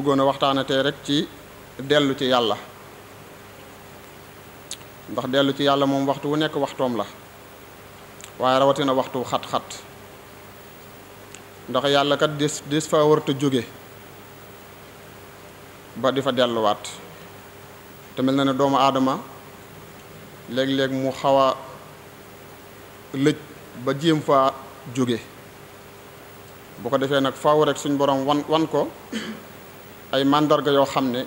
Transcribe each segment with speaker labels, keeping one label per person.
Speaker 1: bëggoon a waxtaane rek ci dellu ci yàlla ndax dellu ci yàlla moom waxtu wu nekk waxtoom la waaye rawatina waxtu xat-xat ndax yàlla kat des des fa warta jóge ba di fa delluwaat te mel na ne doomu aadama léeg-léeg mu xaw a lëj ba jéem fa jóge bu ko defee nag faaw rek suñ borom wan wan ko ay màndarga yoo xam ne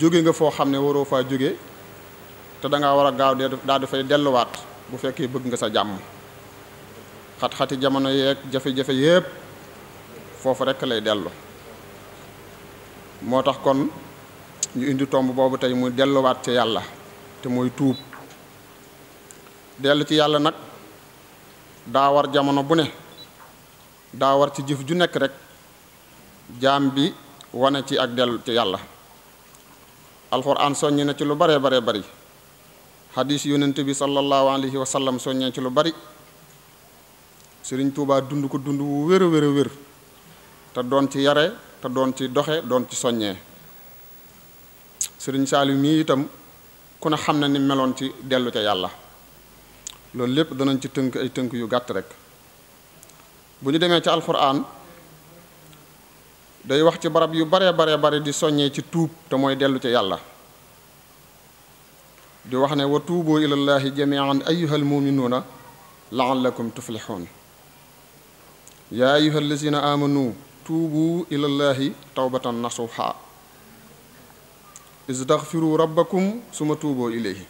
Speaker 1: jóge nga foo xam ne waroo faa jóge te da ngaa war a gaaw daal di fay delluwaat bu fekkee bëgg nga sa jàmm xat-xati jamono yeeg jafe-jafe yépp foofu rekk lay dellu moo tax kon ñu indi tomb boobu tey muy delluwaat ci yàlla te mooy tuub dellu ci yàlla nag daa war jamono bu ne daa war ci jëf ju nekk rekk jaam bi wane ci ak dellu ci yàlla alxuraan soññi na ci lu baree baree bari xadiis yonent bi sallallahu alayhi wa sallam soññee ci lu bari Sëriñ Tuubaa dund ko dund wu wér a wér a te doon ci yare te doon ci doxe doon ci soññee Sëriñ Saaliw mii itam ku ne xam na ni meloon ci dellu ca yàlla loolu lépp danañ ci tënk ay tënk yu gàtt rek bu ñu demee ci alxuraan day wax ci barab yu baree baree bare di soññee ci tuub te mooy dellu ca yàlla di wax ne wa tuuboo ilallaahi jamian ayuhal muminuuna laallakum tuflixuun yaa ayuhal lazina amanu tuubu ilallaahi tawbatan nasuha istaxfiru rabbakum suma tuuboo ilayhi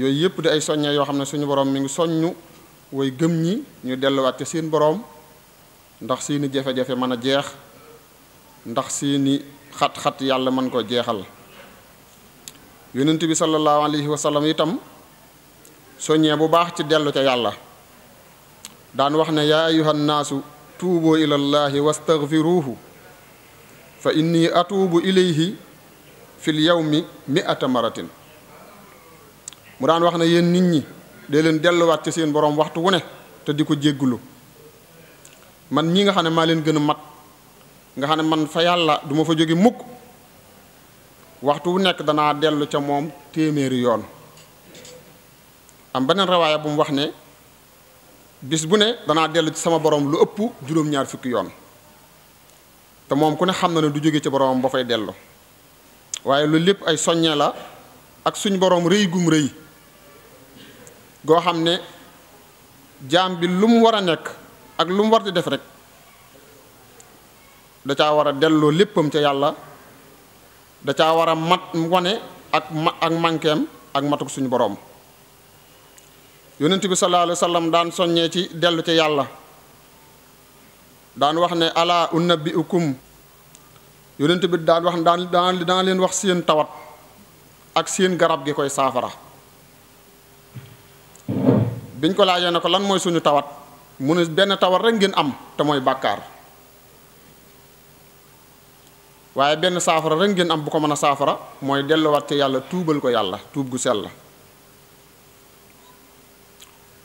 Speaker 1: yooyu yëpp di ay soññee yoo xam ne suñu boroom mi ngi soññu way gëm ñi ñu delluwaat ci seen boroom ndax seeni jafe-jafe mën a jeex ndax seeni xat-xat yàlla mën ko jeexal yonent bi sallallahu alayhi wa sallam itam soññee bu baax ci dellu ca yàlla daan wax ne yaa ayuha nnaasu tuuboo ilallahi wastaghfiruuhu fa inni atuubu ilayhi fil yawmi mi'ata maratin mu daan wax na yéen nit ñi dee leen delluwaat ci seen boroom waxtu wu ne te di ko jéggulu man ñi nga xam ne maa leen gën mat nga xam ne man fa yàlla du ma fa jóge mukk waxtu wu nekk danaa dellu ca moom téeméeri yoon am beneen rawaaya bu mu wax ne bis bu ne danaa dellu ci sama borom lu ëpp juróom-ñaar fukki yoon te moom ku ne xam na ne du jóge ca boromam ba fay dellu waaye loolu lépp ay soññe la ak suñ boroom rëy gum rëy goo xam ne jaam bi lu mu war a nekk ak lu mu war di def rek da caa war a delloo léppam ca yàlla da caa war a mat wane ak ma ak mankeem ak matuk suñu boroom yonent bi sallallahu alayhi wa daan soññee ci dellu ca yàlla daan wax ne ala unabbiukum yonent bi daan wax daan daan daan leen wax seen tawat ak seen garab gi koy saafara biñ ko laajee ne ko lan mooy suñu tawat mu ne benn tawat rek ngeen am te mooy bàkkaar waaye benn saafara rek ngeen am bu ko mën a saafara mooy delluwaat ci yàlla tuubal ko yàlla tuub gu sell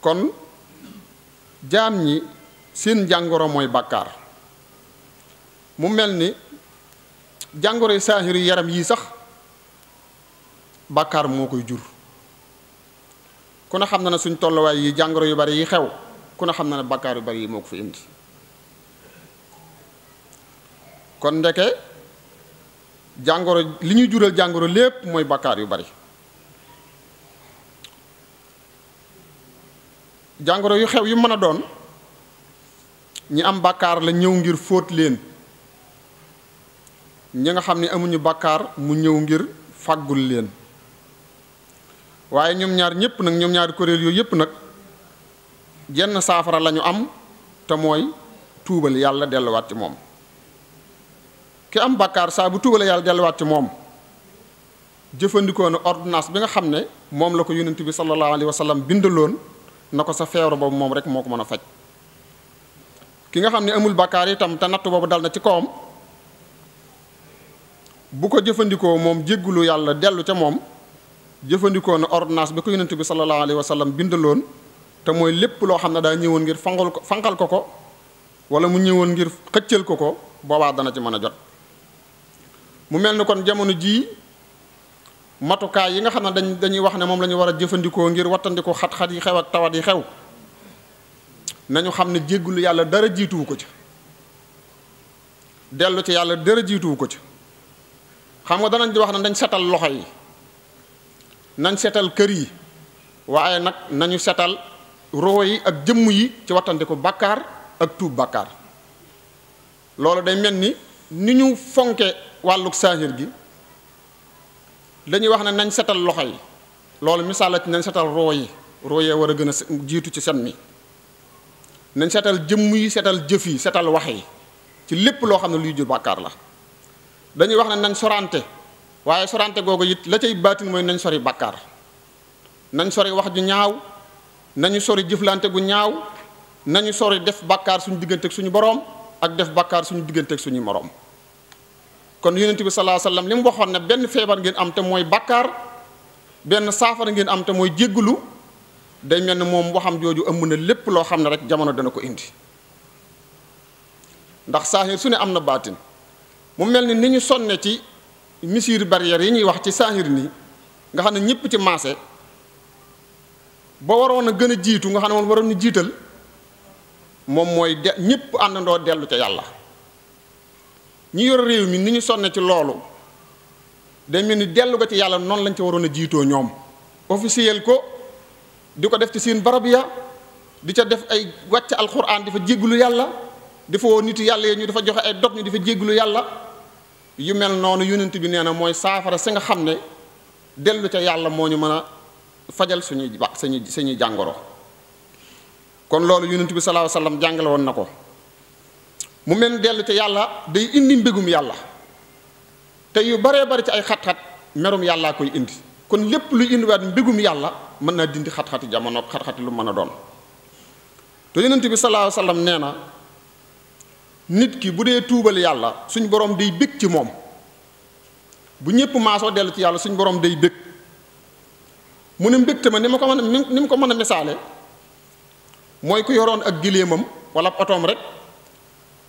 Speaker 1: kon jaam ñi seen jàngoro mooy bàkkaar mu mel ni jàngoro yu saahiri yaram yii sax bàkkaar moo koy jur ku ne xam na ne suñ tolluwaay yi jàngoro yu bari yi xew ku ne xam na ne bàkkaar yu bari yi moo ko fi indi kon ndeke jàngoro li ñuy jural jàngoro lépp mooy bakkaar yu bari jàngoro yu xew yi mën a doon ñi am bakkaar la ñëw ngir fóot leen ñi nga xam ni amuñu bakkaar mu ñëw ngir fàggul leen waaye ñoom ñaar ñëpp nag ñoom ñaari kuréel yooyu yëpp nag jenn saafara lañu am te mooy tuubal yàlla delluwaat ci moom ki am bàkkaar saa bu tuubalee yàlla delluwaat ci moom jëfandikoo na ordonnance bi nga xam ne moom la ko yonent bi sallallahu alayhi wa sallam bindaloon na ko sa feebar boobu moom rek moo ko mën a faj ki nga xam ne amul bàkkaar itam te boobu dal na ci kawam bu ko jëfandikoo moom jéggulu yàlla dellu ca moom jëfandikoo na ordonnance bi ko yonent bi sallallahu alayhi wa sallam bindaloon te mooy lépp loo xam ne daa ñëwoon ngir fangal ko fanqal ko ko wala mu ñëwoon ngir xëccal ko ko boobaa dana ci mën a jot mu mel ni kon jamono jii matukaay yi nga xam ne dañ dañuy wax ne moom la war a jëfandikoo ngir wattandikoo xat-xat yi xew ak tawat yi xew nañu xam ne jéggulu yàlla dara jiituwu ko ci dellu ci yàlla dara jiituwu ko ci xam nga danañ di wax ne dañ setal loxo yi nañ setal kër yi waaye nag nañu setal roho yi ak jëmm yi ci wattandiku bàkkaar ak tuub bàkkaar loolu day mel ni ni ñu fonke wàllug saahir gi dañuy wax ne nañ setal loxo yi loolu misaal la ci nañ setal roo yi roo yee war a gën a jiitu ci set mi nañ setal jëm yi setal jëf yi setal wax yi ci lépp loo xam ne luy jur bàkkaar la dañuy wax na nañ sorante waaye sorante googu it la cay baatin mooy nañ sori bàkkaar nañ sori wax ju ñaaw nañu sori jëflante gu ñaaw nañu sori def bàkkaar suñu diggante ak suñu boroom ak def bàkkaar suñu diggante ak suñu moroom kon yonent bi salaa sallam li mu waxoon ne benn feebar ngeen am te mooy bàkkaar benn saafara ngeen am te mooy jéggulu dañ mel ni moom waxam jooju ëmb na lépp loo xam ne rek jamono dana ko indi ndax saahir su ne am na baatin mu mel ni ni ñu sonne ci mesures barrières yi ñuy wax ci saahir nii nga xam ne ñëpp ci maase ba waroon a gën a jiitu nga xam ne moom waroon na jiital moom mooy de ñëpp àndandoo dellu ca yàlla ñu yor réew mi ni ñu sonne ci loolu dañ mel ni dellu ko ci yàlla noonu lañ ci waroon a jiitoo ñoom officiel ko di ko def ci seen barab ya di ca def ay wàcc alxuraan di fa jégglu yàlla di fa woo nit yàlla yi ñu dafa joxe ay dot ñu di fa jégglu yàlla yu mel noonu yonent bi nee na mooy saafara si nga xam ne dellu ca yàlla moo ñu mën a fajal suñuy ba suñuy suñuy jàngoro kon loolu yonent bi sallallahu alayhi wasallam jàngale woon na ko mu mel dellu ca yàlla day indi mbégum yàlla te yu baree bari ci ay xat-xat merum yàllaa koy indi kon lépp luy indiwaat mbégum yàlla mën naa dindi xat-xati jamono xat-xati lu mën a doon te yonent bi sallallahu alayhi nee na nit ki bu dee tuubal yàlla suñ borom day bég ci moom bu ñëpp maasoo dellu ci yàlla suñ borom day bég mu ne te ma ni ma ko mën a ni mu ko mën a misaale mooy ku yoroon ak giléemam wala otoom rek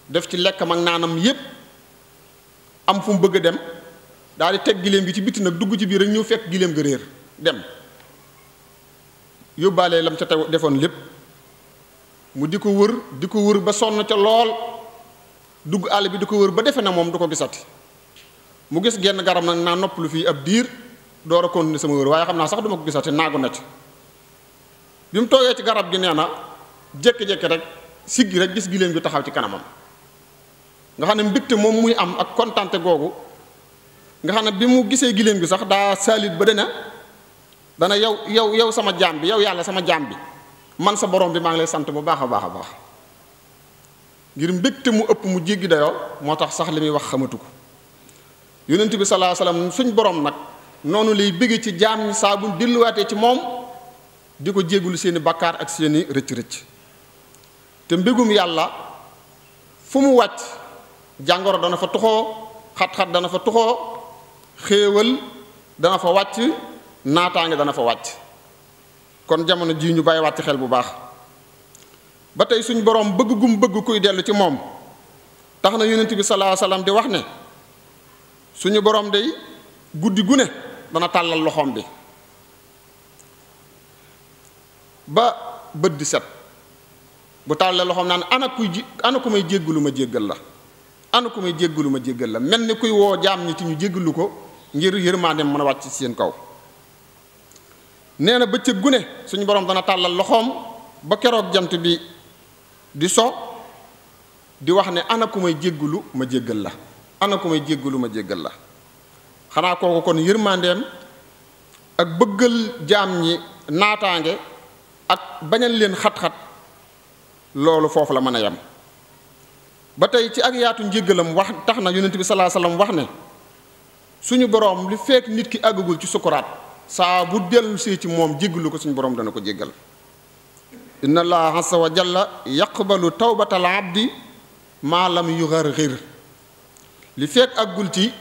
Speaker 1: def ci lekkam ak naanam yépp am fu mu bëgg a dem daal di teg giléem gi ci bitti nag dugg ci biir ak ñëw fekk giléem ga réer dem yóbbaale lam ca taw defoon lépp mu di ko wër di ko wër ba sonn ca lool dugg àll bi di ko wër ba defe na moom du ko gisati mu gis genn garab nag naa noppalu fii ab diir door a sama wër waaye xam naa sax duma ko gisati naagu na ci bi mu toogee ci garab gi nee na jékki-jékki rek siggi rek gis giléem gi taxaw ci kanamam nga xam ne mbégte moom muy am ak kontante googu nga xam ne bi mu gisee giléem gi sax daa saalit ba dana dana yow yow yow sama jaam bi yow yàlla sama jaam bi man sa borom bi maa ngi lay sant bu baax a baax a baax ngir mbégte mu ëpp mu jéggi dayoo moo tax sax li muy wax xamatu ko yonent bi salaa salaam suñ borom nag noonu lay bëgge ci jaam ñi saa ci moom di ko jéggulu seeni bakkaar ak seeni rëcc rëcc te mbégum yàlla fu mu wàcc jàngoro dana fa tuxoo xat-xat dana fa tuxoo xéewal dana fa wàcc naataange dana fa wàcc kon jamono jii ñu bay wàcc xel bu baax ba tey suñu boroom bëgg gum bëgg kuy dellu ci moom tax na yonent bi sallallahu alayhi wasallam di wax ne suñu boroom day guddi gu ne dana tàllal loxoom bi ba bët di set bu tàllalee loxoom naan ana kuy ji ana ku may lu ma jéggal la anu ko may jéggalu ma jéggal la mel ni kuy woo jaam ñi ci ñu jéggalu ko ngir yërmaande mën a wàcc seen kaw nee na bëccëg gune suñu boroom dana tàllal loxoom ba keroog jant bi di so di wax ne ana ku may jéggalu ma jéggal la ana ku may jéggalu ma jéggal la xanaa kooku kon yërmandeem ak bëggal jaam ñi naataange ak bañal leen xat-xat loolu foofu la mën a yem ba tey ci ak yaatu njéggalam wax tax na yonent bi salaa salaam wax ne suñu boroom li fekk nit ki àggagul ci sukuraat saa bu dellu see ci moom jéggalu ko suñu boroom dana ko jéggal inna allah azza wa jalla yaqbalu tawbatal abdi maa lam yugargir li fekk gul ci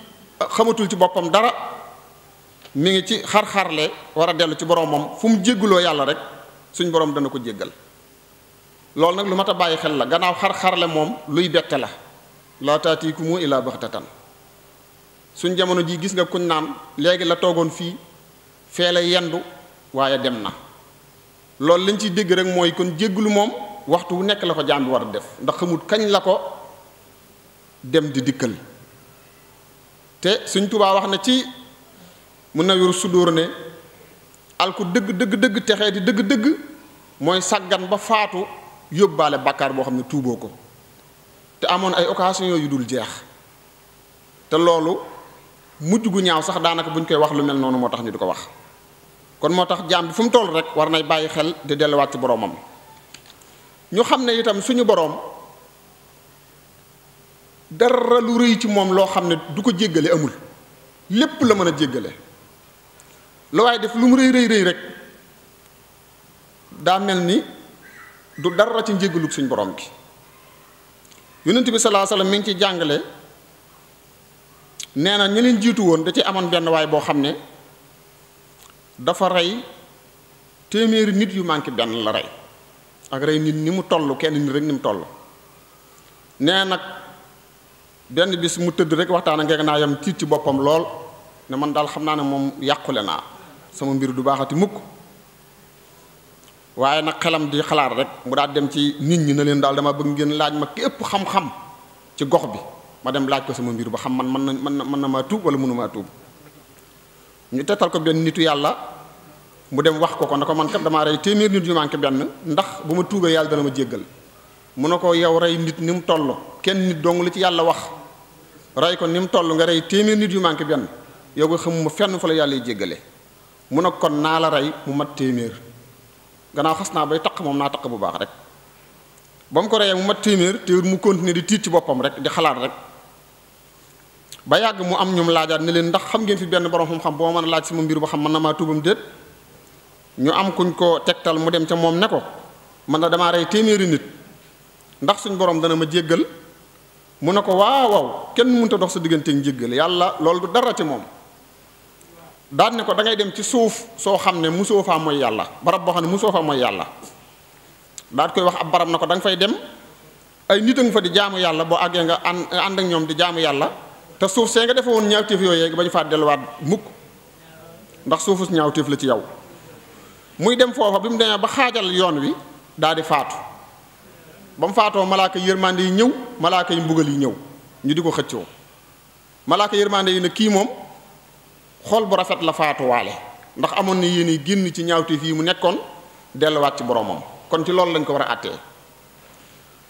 Speaker 1: xamatul ci boppam dara mi ngi ci xarxarle war a dellu ci boroomam fu mu jéggaloo yàlla rek suñu boroom dana ko jéggal loolu nag lu mat a bàyyi xel la gannaaw xar-xarle moom luy bette la laa taatiikumu illaa baxtatan suñ jamono ji gis nga kuñ naan léegi la toogoon fii feela yendu waaye dem na loolu lañ ciy dégg rek mooy kon jégglu moom waxtu wu nekk la ko jaam bi war a def ndax xamut kañ la ko dem di dikkal te suñ tubaa wax na ci mun na yor sudóor ne al ku dëgg dëgg dëgg texee di dëgg dëgg mooy sàggan ba faatu yóbbaale bàkkaar boo xam ne tuuboo ko te amoon ay occasion yu dul jeex te loolu mujj gu ñaaw sax daanaka bu ñu koy wax lu mel noonu moo tax ñu du ko wax kon moo tax jaam bi fu mu toll rek war nay bàyyi xel di delluwaat ci boroomam ñu xam ne itam suñu boroom dara lu rëy ci moom loo xam ne du ko jéggale amul lépp la mën a jéggale lu waaye def lu mu rëy rëy rëy rek daa mel ni du dara ci njéggalug suñu borom gi yonent bi salaa salaam mi ngi ci jàngale nee na ñu leen jiitu woon da ci amoon benn waay boo xam ne dafa rey téeméeri nit yu manqué benn la rey ak rey nit ni mu toll kenn nit rek ni mu toll nee nag benn bis mu tëdd rek waxtaan a ak naa yam tiit ci boppam lool ne man daal xam naa ne moom yàqule naa sama mbir du baax a baaxati mukk waaye nag xelam di xalaat rek mu daal dem ci nit ñi ne leen daal dama bëgg ngeen laaj ma képp xam-xam ci gox bi ma dem laaj ko sama mbir ba xam man mën na mën na mën na maa tuub wala mënu maa tuub ñu tetal ko benn nitu yàlla mu dem wax ko ko na ko man kat damaa rey téeméer nit ñu manqué benn ndax bu ma yàlla dana ma jéggal mu ne ko yow rey nit ni mu toll kenn nit dong la ci yàlla wax rey ko ni mu toll nga rey téeméer nit yu manqué benn yow nga xamuma fenn fa la yàlla jéggale mu ne kon naa la rey mu mat téeméer gannaaw xas naa bay taq moom naa taq bu baax rek ba mu ko reyee mu mat téeméer téewut mu continuer di tiit ci boppam rek di xalaat rek ba yàgg mu am ñoom laajaat ne leen ndax xam ngeen fi benn borom xam-xam boo mën a laaj sama mbir ba xam mën na maa tuubam déet ñu am kuñ ko tegtal mu dem ca moom ne ko mën na damaa rey téeméeri nit ndax suñ boroom dana ma jéggal mu ne ko waaw waaw kenn mun a dox sa diggante njéggal yàlla loolu du dara ci moom daan ne ko da ngay dem ci suuf soo xam ne musoo faa mooy yàlla barab boo xam ne musoo faa mooy yàlla daat koy wax ab barab na ko da fay dem ay nit a nga fa di jaamu yàlla boo àggee nga ànd ak ñoom di jaamu yàlla te suuf see nga defe woon ñaawteef yooyu ba ñu faa delluwaat mukk ndax suufus ñaawteef la ci yow muy dem foofa bi mu demee ba xaajal yoon wi daal di faatu ba mu faatoo malaaka yërmande yi ñëw malaaka yi mbugal yi ñëw ñu di ko xëccoo malaaka yërmande yi ne kii moom xol bu rafet la faatuwaale ndax amoon na yéene génn ci ñaawte fii mu nekkoon delluwaat ci boromam kon ci loolu lañ ko war a àttee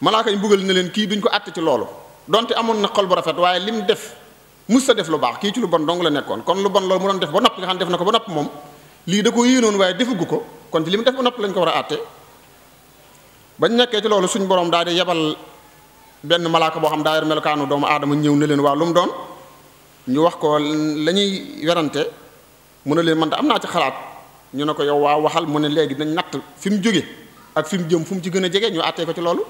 Speaker 1: malaaka yi mbugal na leen kii ko àtte ci loolu donte amoon na xol bu rafet waaye lim def mus sa def lu baax kii ci lu bon dong la nekkoon kon lu bon loolu mu doon def ba noppi nga xam def na moom lii ko yéenoon waaye defugu ko kon ci li mu def ba noppi lañ bañ nekkee ci loolu suñ borom daal di yebal benn malaaka boo xam daa yor melokaanu doomu adama ñëw na leen waa lu mu doon ñu wax ko la ñuy werante mun ne leen man am naa ci xalaat ñu ne ko yow waa waxal mu ne léegi nañ natt fi mu jóge ak fi mu jëm fu mu ci gën a jege ñu àttee ko ci loolu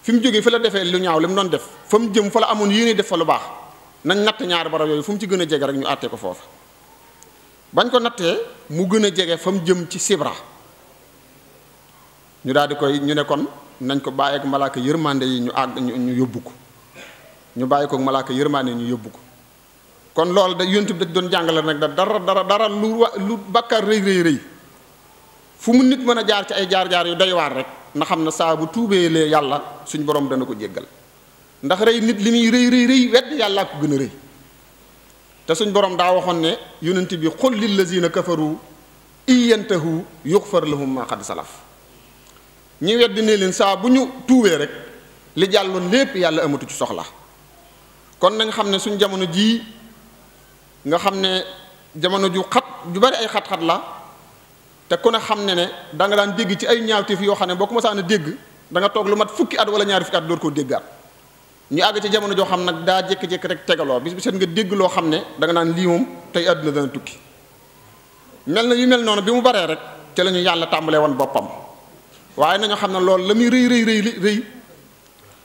Speaker 1: fi mu jógee fa la defee lu ñaaw li mu doon def fa mu jëm fa amoon yéene def fa lu baax nañ natt ñaari barab yooyu fu mu ci gën a jege rek ñu ko foofa bañ ko nattee mu gën a jege fa mu jëm ci sibra ñu daal di koy ñu ne kon nañ ko bàyyeek malaaka yërmande yi ñu àgg ñu yóbbu ko ñu bàyyi ko malaaka yërmande ñu yóbbu ko kon loolu da yonent bi dañ doon jàngale nag da dara dara dara lu wa lu bàkkaar rëy rëy rëy fu mu nit mën a jaar ci ay jaar-jaar yu day waar rek na xam ne saa bu tuubee lee yàlla suñ borom dana ko jéggal ndax rëy nit li muy rëy rëy rëy wedd yàllaa ko gën a te suñ borom daa waxoon ne yonent bi xul lillazina kafaru iyantahu yuxfar lahum ma qad salaf ñi wedd ne leen saa bu ñu tuubee rek li jàlloon lépp yàlla amatu ci soxla kon nañ xam ne suñ jamono jii nga xam ne jamono ju xat ju bari ay xat-xat la te ku ne xam ne ne da nga daan dégg ci ay ñaawteef yoo xam ne boo ko mosaan a dégg danga nga toog lu mat fukki at wala ñaari fukki at door koo déggaat ñu àgg ci jamono joo xam nag daa jékki-jékki rek tegaloo bis bi seet nga dégg loo xam ne danga nga naan lii moom tey àdduna dana tukki mel na yu mel noonu bi mu baree rek te lañu yàlla tàmbalee woon boppam waaye nañu xam ne loolu la muy rëy rëy rëy rëy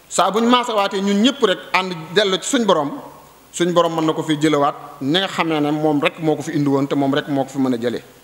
Speaker 1: saa bu ñu maasawaatee ñun ñëpp rek ànd dellu ci suñ borom suñ borom mën na ko fi jëlewaat ni nga xamee na moom rek moo ko fi indi woon te moom rek moo ko fi mën a jëlee